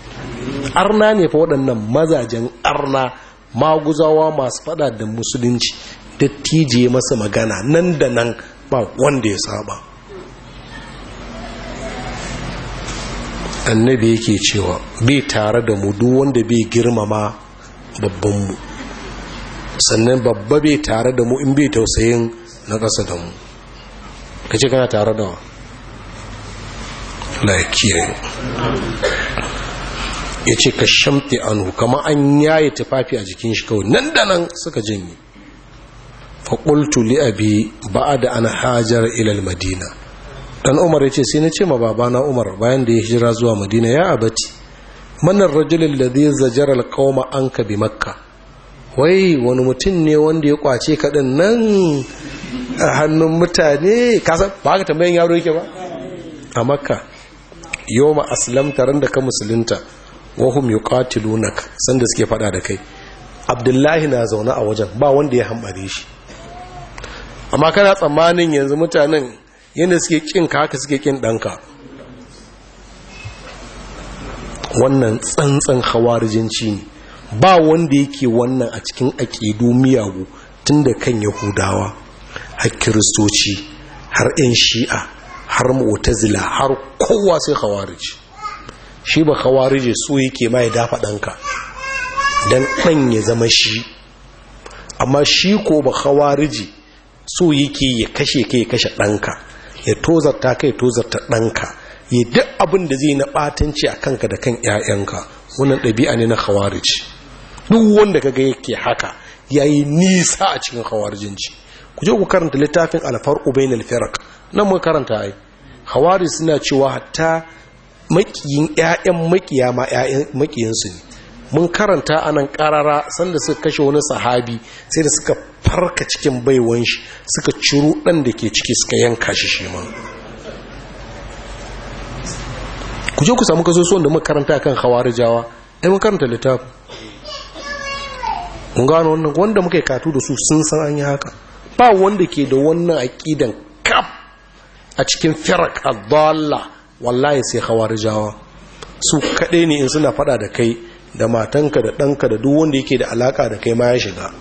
arna ne fa waɗannan mazajen arna maguzawa masu fada da musulunci tije masa magana nan da nan ba wanda ya saba annabi yake cewa bai tare da mu duk wanda bai girmama babbanmu sannan babba bai tare da mu in bai tausayin na ƙasa da mu ka ce kana tare da wa lafiya ya ce ka shamte anu kamar an yaye tufafi a jikin shi kawai nan da nan suka janye faƙultu li'abi ba'a da ana hajar ilal madina dan umar ya ce sai na ce ma babana umar bayan da ya hijira zuwa madina ya abati manar rajulun da zai zajar alƙawma an ka bi makka wai wani mutum ne wanda ya kwace kaɗan nan a hannun mutane kasa ba ka tambayin yaro yake ba a makka yau ma aslamta ran da ka musulunta wahum lunak sanda suke fada da kai abdullahi na zaune a wajen ba wanda ya hambare shi amma kana tsammanin yanzu mutanen yadda suke kin ka haka suke kin ɗanka. wannan tsantsan hawarijinci ne ba wanda yake wannan a cikin aƙidu miyagu tun da kan yahudawa har kiristoci har 'yan shi'a har mutazila har kowa sai hawariji shi ba kawarije so yake ma ya dafa ɗanka don ɗan ya zama shi amma shi ko ba kawarije so yake ya kashe ka ya kashe ɗanka ya tozarta ka ya tozarta ɗanka ya duk abin da zai na ɓatanci a kanka da kan 'ya'yanka wannan ɗabi'a ne na kawarije duk wanda ka ga yake haka ya yi nisa a cikin kawarijinci ku je ku karanta littafin alfar ubain alfirak nan mun karanta ai hawari suna cewa hatta makiyin ƴaƴan makiya ma ƴaƴan makiyinsu ne mun karanta anan karara sanda suka kashe wani sahabi sai da suka farka cikin baiwan shi suka ciro ɗan da ke ciki suka yanka shi shi ma ku je ku samu suwan da makaranta karanta kan hawarijawa ai mun karanta littafi mun gano wannan wanda muka yi katu da su sun san an yi haka ba wanda ke da wannan aƙidan kaf a cikin firak adalla wallahi sai khawarijawa su kaɗai ne in suna faɗa da kai da matanka da ɗanka da duk wanda yake da alaka da kai ma ya shiga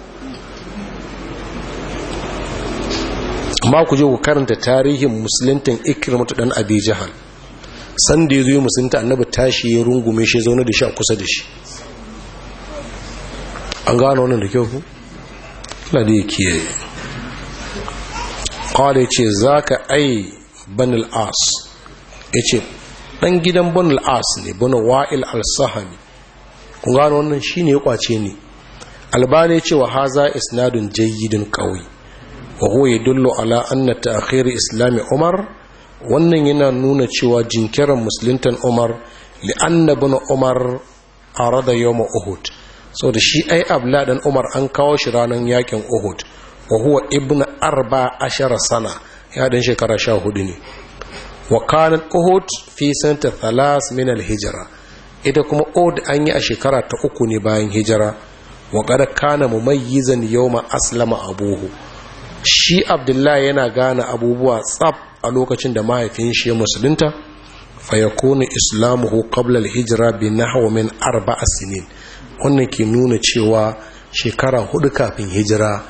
amma ku je ku karanta tarihin musuluntan ikirmatu dan abi jihar san da ya zo musulunta annabi tashi ya rungume shi zaune da shi a kusa da shi an gano wannan da kyau ku? lade ya kiyaye ce za ka ai banil as ya ce ɗan gidan bunul al’as ne bunul wa'il al-sahami kun gano wannan shi ne ya kwace ne albani ce wa haza isnadun jayyidin ƙawai wa huwa dullo ala anna akhiri islami umar wannan yana nuna cewa jinkirin musuluntan umar li anna bin umar yau ma uhud Sau da shi ai abla dan umar an kawo shi ranar yakin uhud wa huwa ibnu arba ashara sana ya dan shekara sha hudu ne wa kanat uhud fi santa thalas min al ita kuma uhud an yi a shekara ta uku ne bayan hijira wa qad kana mumayyizan yawma aslama abuhu shi abdullahi yana gane abubuwa tsab a lokacin da mahaifin shi ya musulunta fayakunu islamuhu qabla hijira hijra bi nahwa min arba'a sinin wannan ke nuna cewa shekara hudu kafin hijira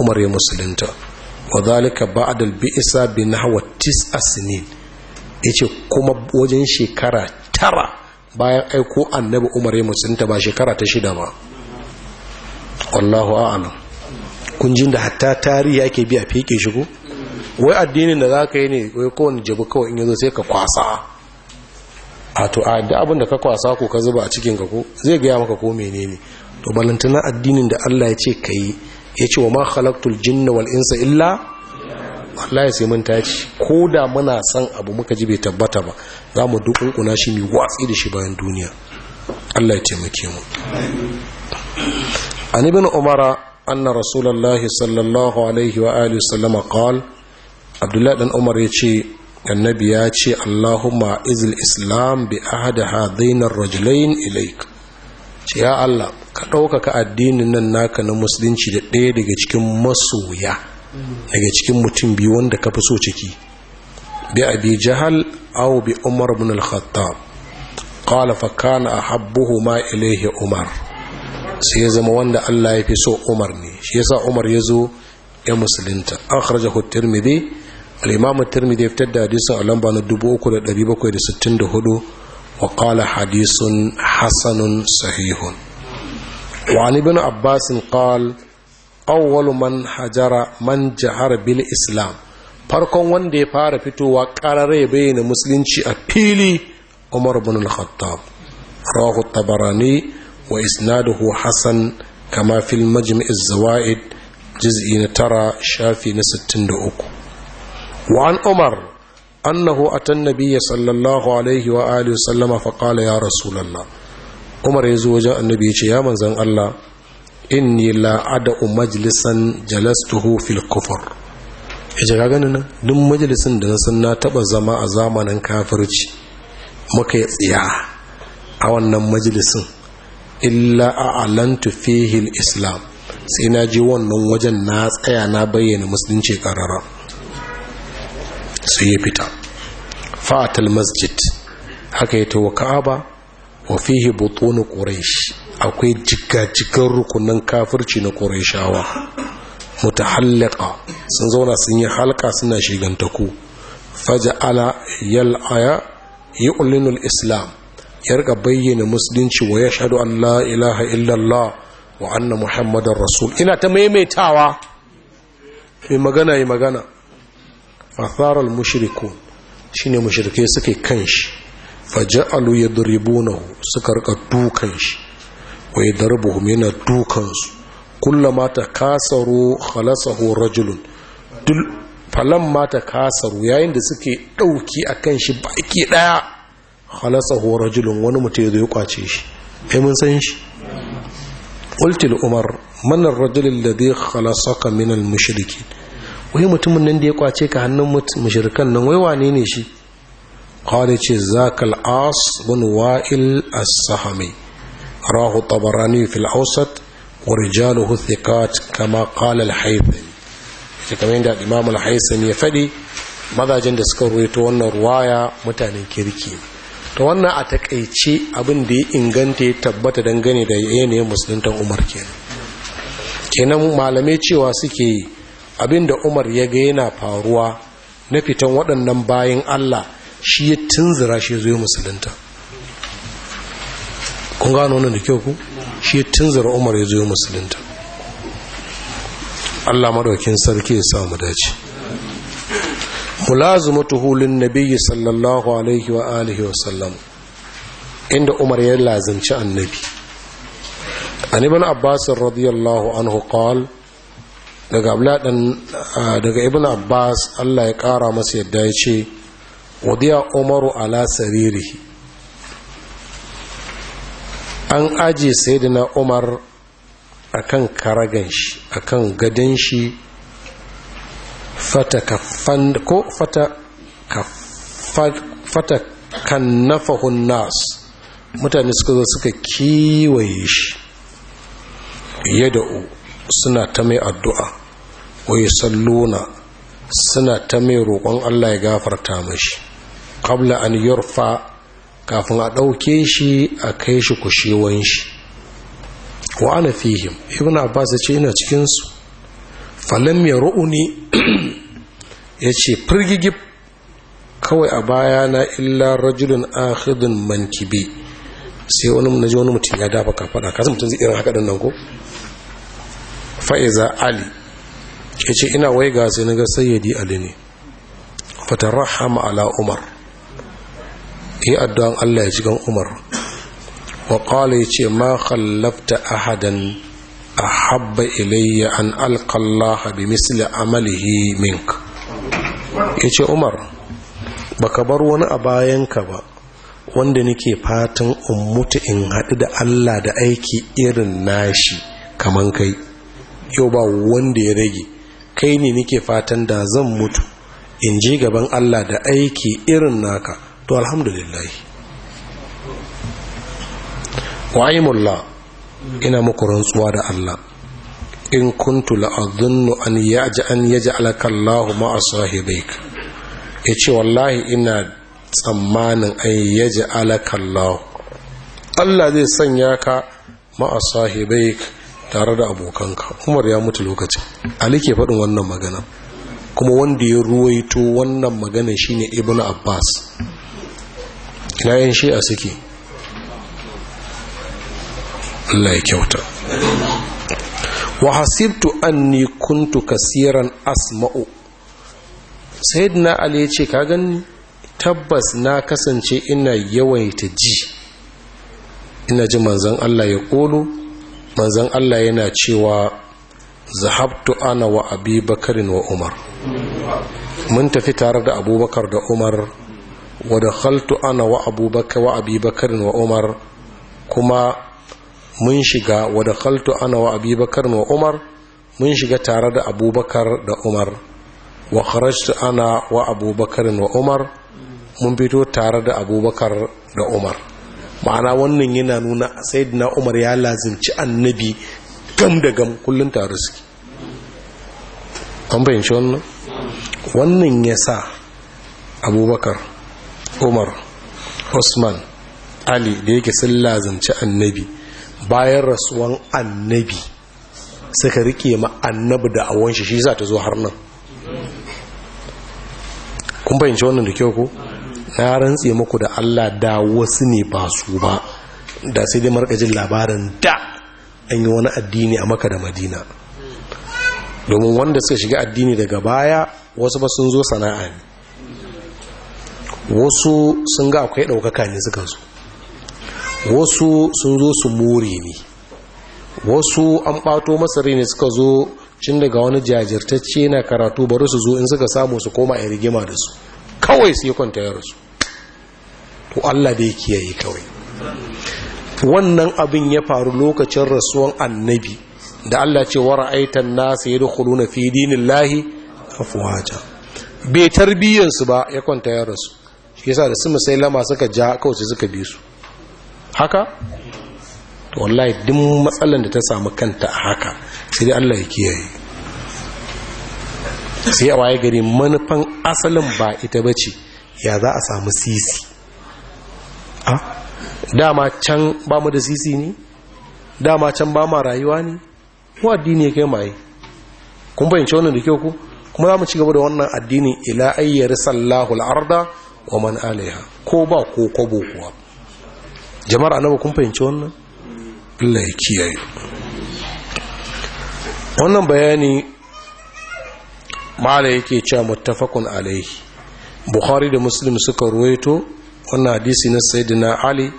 Umar ya musulunta wadhalika ba'da ba bisa bi nahwa tis'a sinin ya ce kuma wajen shekara tara bayan aiko annabi umar ya mutsinta ba shekara ta shida ba wallahu a'alam kun jin da hatta tarihi ake biya fike shi ko wai addinin da za ka yi ne wai kowane jabu kawai in yazo sai ka kwasa a to a da abinda ka kwasa ko ka zuba a cikin ka ko zai gaya maka ko menene to balantana addinin da Allah ya ce ka yi ya ce wa ma khalaqtul jinna wal insa illa wallahi sai mun tashi ko da muna son abu muka ji bai tabbata ba za mu kunkuna shi mai watsi da shi bayan duniya Allah ya taimake mu an ibn umara anna rasulullahi sallallahu alaihi wa alihi sallama qal abdullah dan umar yace annabi ya ce Allahumma izil islam bi ahad hadhain ar-rajulain ilaik ce ya Allah ka ɗaukaka addinin nan naka na musulunci da ɗaya daga cikin masoya daga cikin mutum biyu wanda ka fi so ciki bi abi jahal aw bi umar ibn al-khattab qala fa kana ma ilayhi umar sai ya zama wanda Allah ya fi so umar ne shi yasa umar ya zo ya musulunta akhrajahu tirmidhi al-imam tirmidhi ya fitar da hadisin a lamba na 3764 wa qala hadisun hasanun sahihun wa ibn abbas qala awwalu man hajara man jahar bil islam farkon wanda ya fara fitowa karare bayyana musulunci a fili umar bin al-khattab rawahu tabarani wa isnaduhu hasan kama fil majmi' az-zawaid juz'i na tara shafi na 63 wa an umar annahu atan nabiyya sallallahu alaihi wa alihi wa sallama fa qala ya rasulullah umar yazo wajen annabi ya ce ya manzon Allah inni la ada'u majlisan jalastuhu fil kufur ya ka gani nan duk majalisin da san na taba zama a zamanin kafirci muka yi tsiya a wannan majalisin illa a'lantu fihil islam sai na ji wannan wajen na tsaya na bayyana musulunci karara Su ya fita Fatal masjid haka ya tawaka ka'aba wa fihi butun quraish akwai jikajikan rukunan kafirci na ƙorashawa mutahallaka sun zauna sun yi halka suna shigantaku faja'ala yal'aya yi ulinul islam ya rika bayyana musulunci wa ya shaɗu Allah ilaha illallah wa anna muhammadar rasul ina ta maimaitawa mai magana yi magana atharal shi shine mushrike suke kan shi faja'alu yadribunahu suka rika dukan shi wa yadrubuhum yana dukansu kulla mata ta kasaru khalasahu rajulun dul falan ma ta kasaru yayin da suke dauki kan shi baki daya khalasahu rajulun wani mutum ya zo ya kwace shi kai mun san shi qultu umar man ar-rajul alladhi khalasaka min al-mushrikin wai mutumin nan da ya kwace ka hannun mushrikan nan wai wane ne shi qala ce zakal as bin wa'il as sahami. rahu tabarani fil ausat wa rijaluhu thiqat kama qala al-haytham shi kamar yadda ya faɗi mazajen da suka ruwaito wannan ruwaya mutanen kirki Ta wannan a takaice abin da ya inganta ya tabbata dangane da yanayin musuluntan umar kenan kenan malamai cewa suke yi abin da umar ya ga yana faruwa na fitan waɗannan bayan allah shi ya tunzura shi zo musulunta kun gano wannan da kyau ku shi tunzara umar ya zo musulunta Allah madaukin sarki ya sa mu dace mulazumatuhu lin nabiyyi sallallahu alaihi wa alihi wa sallam inda umar ya lazimci annabi an ibn abbas radiyallahu anhu qala daga daga ibn abbas Allah ya kara masa yadda ya ce wadiya umaru ala saririhi an aje sayyidina umar akan karagan shi akan gadon shi fata kan ko nas mutane suka zo suka kiwaye shi yada'u suna ta mai addu'a wai salluna suna ta mai roƙon Allah ya gafarta mashi ƙabla an yurfa kafin a ɗauke shi a kai shi kushewan shi wa ana fihim ibn abbas ya ce ina cikinsu falam ya ru'uni <clears throat> ya ce firgigib kawai a baya na illa rajulun akhidun mankibi sai wani mun wani mutum ya dafa fada kasan mutum zai irin haka dan nan ko fa'iza ali ya ce ina wai ga sai na ga sayyidi ali ne fatarahama ala umar yi addu'an Allah ya ji gan umar wa ƙala ya ce ma kallafta a hadan a habba ilayya an alƙallaha bi misli amalihi mink ya ce umar baka bar wani a bayan ka ba wanda nake fatan in mutu in haɗu da Allah da aiki irin nashi kaman kai yau ba wanda ya rage kai ne nake fatan da zan mutu in ji gaban Allah da aiki irin naka to alhamdulillah wa'imullah ina muku rantsuwa da Allah in kuntu la'adhunnu an yaji an yaj'alaka Allahu ma'a yace wallahi ina tsammanin an yaj'alaka Allah Allah zai sanya ka ma'a sahibaik tare da abokanka Umar ya mutu lokacin Ali ke faɗin wannan magana kuma wanda ya ruwaito wannan magana shine Ibn Abbas na yin shi a suke Allah ya kyauta wa hasibtu anni kuntu kasiran asma'u sayyidina ali yace ka gani tabbas na kasance ina yawaita ji ina ji manzon Allah ya ƙolo manzon Allah yana cewa zahabtu ana wa abi bakarin wa umar mun tafi tare da abubakar da umar wadda haltu ana wa abubakar wa abubakar wa umar kuma mun shiga wadda haltu ana wa abubakar wa umar mun shiga tare da abubakar da umar wa kharajtu ana wa abubakar wa umar mun fito tare da abubakar da umar ma'ana wannan yana nuna sai na umar ya lazimci annabi gam da gam kullum tare suke an wannan ya sa abubakar umar usman ali da yake sun lazanci annabi bayan rasuwan annabi suka rike ma annabi da awon shi shi za ta zo har nan kun fahimci wannan da kyau ko na rantse muku da allah da wasu ne ba su ba da sai dai markajin labarin da an yi wani addini a maka da madina domin wanda suka shiga addini daga baya wasu ba sun zo sana'a ne wasu sun ga akwai ɗaukaka ne suka zo wasu sun zo su more ne wasu an ɓato masari ne suka zo cin daga wani jajirtacce na karatu bari su zo in suka samu su koma a rigima da su kawai su yi kwantayar su to allah da ya kiyaye kawai wannan abin ya faru lokacin rasuwan annabi da allah ce wa ra'aitan nasu ya dukulu na fi dinin lahi afuwaja bai tarbiyyansu ba ya kwantayar su shi yasa da su musailama suka ja kawace suka bi su haka to wallahi duk matsalan da ta samu kanta a haka sai dai Allah ya kiyaye sai a waye gari manufan asalin ba ita bace ya za a samu sisi a dama can ba mu da sisi ne dama can ba ma rayuwa ne ko addini ya kai maye kun fahimci wannan da kyau ku kuma za mu ci gaba da wannan addinin ila ayyar sallahu al'arda wa man alaiha ko ba ko kwabo kuwa jama'ar annabi kun fahimci wannan Allah ya kiyaye wannan bayani mala yake cewa muttafaqun alaihi bukhari da muslim suka ruwaito wannan hadisi na sayyidina ali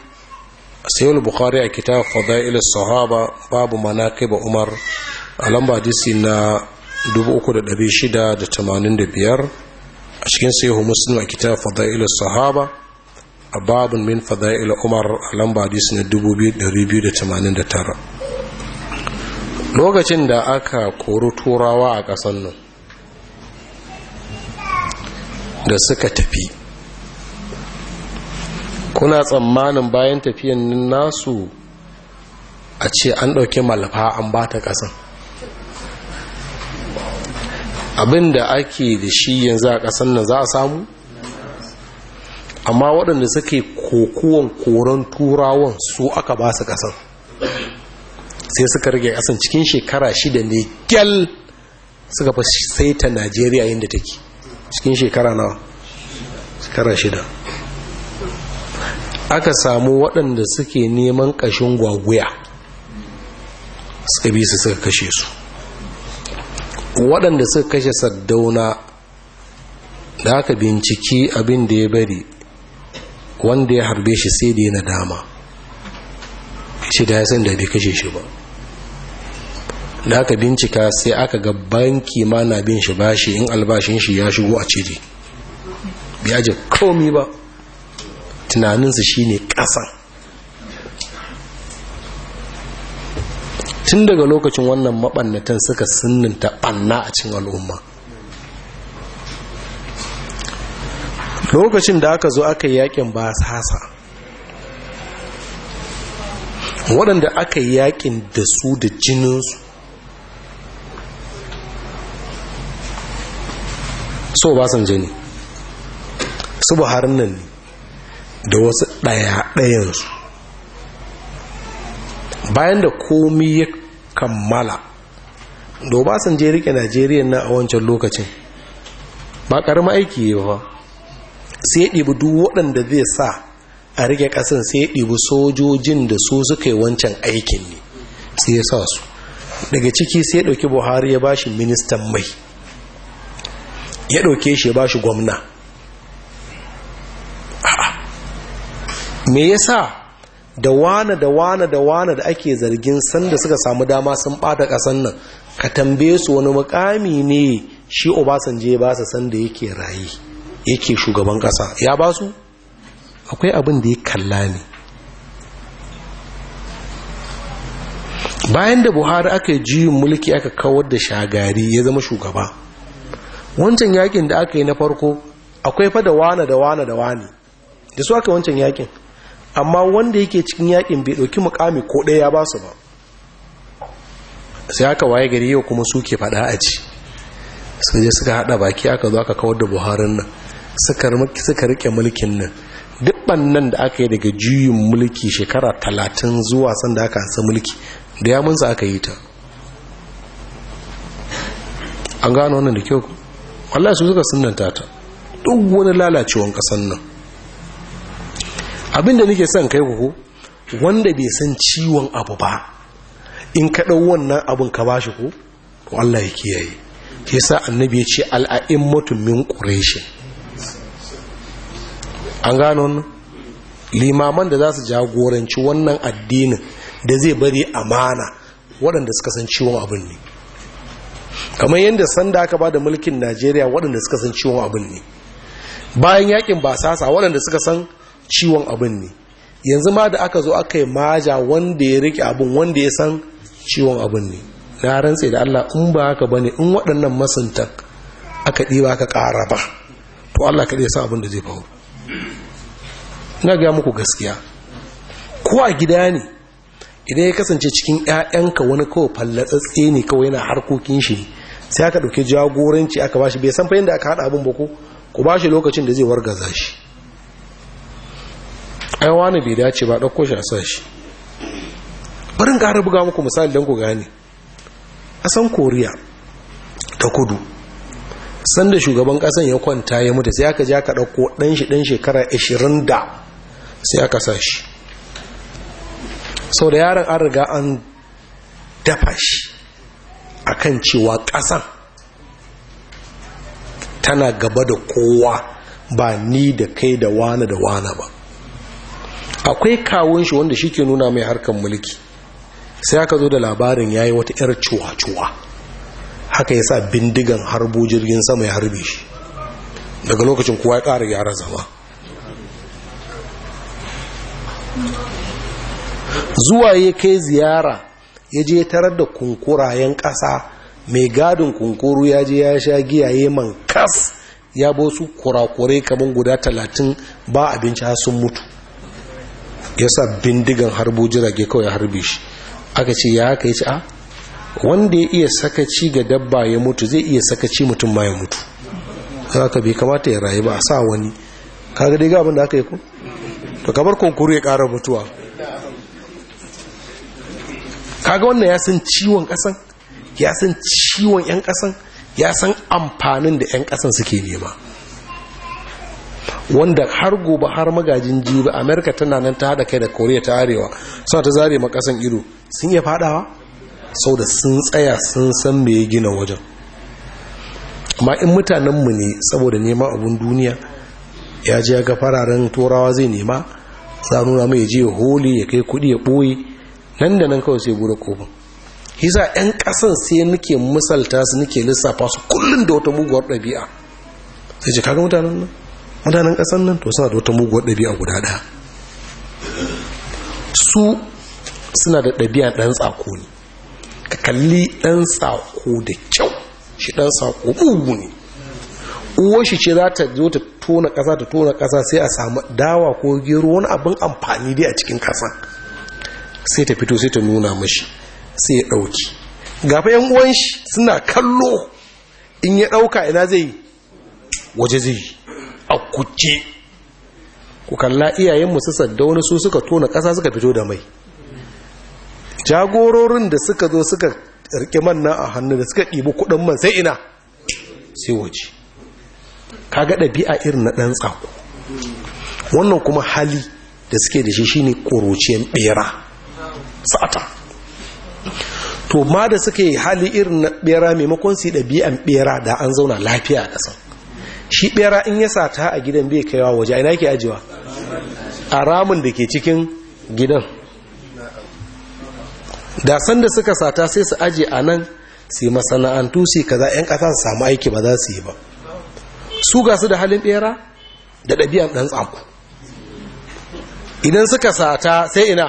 sayyid bukhari a kitab fadail as-sahaba babu manaqib umar a lamba hadisi na 3685 a cikin hu muslim a kitab fadail sahaba a babin min fadail umar a lamba hadisi na 2289 lokacin da aka kori turawa a ƙasan nan da suka tafi kuna tsammanin bayan tafiyan nasu a ce an ɗauki malafa an ba ta ƙasan abin da ake da shi yanzu a ƙasan nan za a samu amma waɗanda suke kokuwan koron turawan su aka ba su ƙasan sai suka rage ƙasar cikin shekara shida ne gyal suka fi saita najeriya yadda take cikin shekara na shekara shida aka samu waɗanda suke neman ƙashin gwagwaya suka bi su suka kashe su waɗanda suka kashe saddauna da aka binciki abin da ya bari wanda ya harbe shi sai da yana dama shi da ya san da bai kashe shi ba da aka bincika sai aka ga banki ma na bin shi bashi in albashin shi ya shigo a cire biya ji komi ba tunaninsu shi ne kasan tun daga lokacin wannan maɓannatan suka ta ɓanna a cikin al'umma lokacin da aka zo aka yi yakin ba sasa waɗanda aka yi yakin da su da jininsu so ba san jini su har nan da wasu ɗaya-ɗayansu bayan da komi ya kammala da obasanjo rike najeriya na a wancan lokacin ba ƙarama aiki ba sai ɗibu ɗibi duk waɗanda zai sa a rike ƙasan sai ɗibu ɗibi sojojin da su suka yi wancan aikin ne sai ya sa su daga ciki sai ya ɗauki buhari ya ba shi ministan mai ya ɗauke shi ya ba shi gwamna me yasa da wane da wane da wane da ake zargin sanda suka samu dama sun ɓata ƙasan nan ka tambaye su wani mukami ne shi obasanje ba su sanda yake raye yake shugaban kasa ya ba su akwai abin da ya kalla ne bayan da buhari aka yi juyin mulki aka kawar da shagari ya zama shugaba wancan yakin da aka yi na farko akwai fa da wane da wane da wane da su aka wancan yakin amma wanda yake cikin yakin bai ɗauki mukami ko ɗaya ya ba su ba sai aka waye gari yau kuma suke faɗa a ci sun je suka haɗa baki aka zo aka kawar da buharin nan suka rike mulkin nan duk nan da aka yi daga juyin mulki shekara talatin zuwa sanda aka ansa mulki da ya munsa aka yi ta an gano wannan da kyau wallahi su suka sunanta ta duk wani lalacewan kasan nan abinda nake son kai ku wanda bai san ciwon abu ba in ka dau wannan abun ka bashi ko Allah ya kiyaye Ke sa annabi ya ce al'a'immatu min quraish an gano wannan limaman da za su jagoranci wannan addinin da zai bari amana waɗanda suka san ciwon abin ne kamar yadda sanda aka ba da mulkin najeriya waɗanda suka san ciwon abin ne bayan yakin basasa waɗanda suka san ciwon abin ne yanzu ma da aka zo aka yi maja wanda ya rike abin wanda ya san ciwon abin ne na rantse da Allah in ba haka bane in waɗannan masuntan aka ɗiba ka ƙara ba to Allah ka ya sa abin da zai faru na ga muku gaskiya ko a gida ne idan ya kasance cikin 'ya'yanka wani kawai fallatsatse ne kawai yana harkokin shi sai aka ɗauki jagoranci aka ba shi bai san fa yadda aka haɗa abin ba ko ku ba shi lokacin da zai wargaza shi ai wani bai dace ba ɗauko shi a sa shi barin ƙara buga muku misali don ku gane a san koriya ta kudu San da shugaban ƙasan ya kwanta ya mutu sai aka ji aka ɗauko ɗan shi ɗan shekara 20 da sai aka sa shi sau da yaron an riga an dafa shi akan cewa ƙasan tana gaba da kowa ba ni da kai da wani da wani ba akwai kawun shi wanda shi ke nuna mai harkan mulki sai aka zo da labarin ya yi wata 'yar cuwa-cuwa haka ya sa bindigan harbo jirgin sama ya harbe shi daga lokacin kuwa ya ƙara gyara zama zuwa ya kai ziyara ya je tarar da kunkurayen ƙasa mai gadin kunkuru ya je ya sha giyaye man kas ya bo su kurakurai kamar guda talatin ba abinci sun mutu ya sa bindigan harbo jirage kawai harbe shi aka ce ya haka ya ce a wanda ya iya sakaci ga dabba ya mutu zai iya sakaci mutum ma ya mutu za ka bai kamata ya rayu ba a sa wani kaga dai ga abin da aka yi ku to kamar kunkuru ya kara mutuwa kaga wannan ya san ciwon kasan ya san ciwon 'yan kasan ya san amfanin da 'yan kasan suke nema wanda har gobe har magajin jibi amerika tana nan ta hada kai da koriya ta arewa suna ta zare makasan ido sun iya fadawa sau da sun tsaya sun san me ya gina wajen amma in mutanenmu ne saboda nema abun duniya ya je ga fararen turawa zai nema za nuna mai je holi ya kai kudi ya ɓoye nan da nan kawai sai gura kofin hisa 'yan kasan sai nake misalta su nake lissafa su kullum da wata muguwar ɗabi'a sai ce kaga mutanen nan mutanen ƙasar nan to suna da wata muguwar ɗabi'a guda ɗaya su suna da ɗabi'a ɗan tsako ne ka kalli ɗan tsako da kyau shi ɗan tsako mugu ne uwar shi ce za ta zo ta tona ƙasa ta tona ƙasa sai a samu dawa ko gero wani abin amfani dai a cikin ƙasa sai ta fito sai ta nuna mashi sai ya ɗauki gafa yan uwan shi suna kallo in ya ɗauka ina zai waje zai yi a kuce ku kalla iyayen mu sadda wani su suka tona ƙasa suka fito da mai jagororin da suka zo suka rike manna a hannu da suka ɗibi kuɗin man sai ina sai waje Ka kaga ɗabi'a irin na ɗan tsako wannan kuma hali da suke da shi shi ne ƙorociyar ɓera sata to ma da suke hali irin na ɓera maimakon su yi ɗabi'an ɓera da an zauna lafiya a ƙasar. shi bera in ya sata a gidan bai kaiwa waje ina ke ajiwa a ramin da ke cikin gidan da sanda suka sata sai su aje a nan su yi masana'antu su kaza 'yan ƙasa su samu aiki ba za su yi ba su gasu da halin bera da ɗabi'an ɗan tsaku idan suka sata sai ina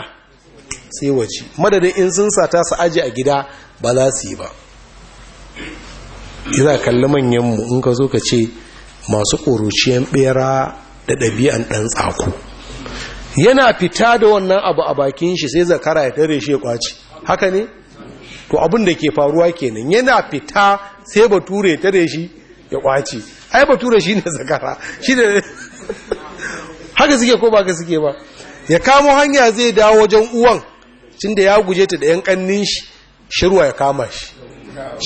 sai waje madadin in sun sata su aje a gida ba za su yi ba Iza kalli manyanmu in ka zo ka ce masu ƙuruciyan ɓera da ɗabi'an ɗan tsako yana fita da wannan abu a bakin shi sai zakara ya tare shi ya kwaci haka ne to abin da ke faruwa kenan yana fita sai bature ya tare shi ya kwaci ai bature shi ne zakara shi ne <laughs> haka suke ko ba ka suke ba ya kamo hanya zai dawo wajen uwan cin da ya guje ta da yan kannin shi shirwa ya kama shi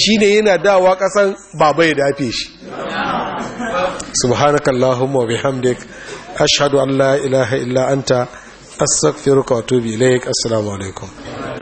Shi ne yana dawa kasan baba ya dafe shi subhanakallahumma wa bihamdik ashadu an la ilaha illa anta astaghfiruka wa atubu ilaik assalamu alaikum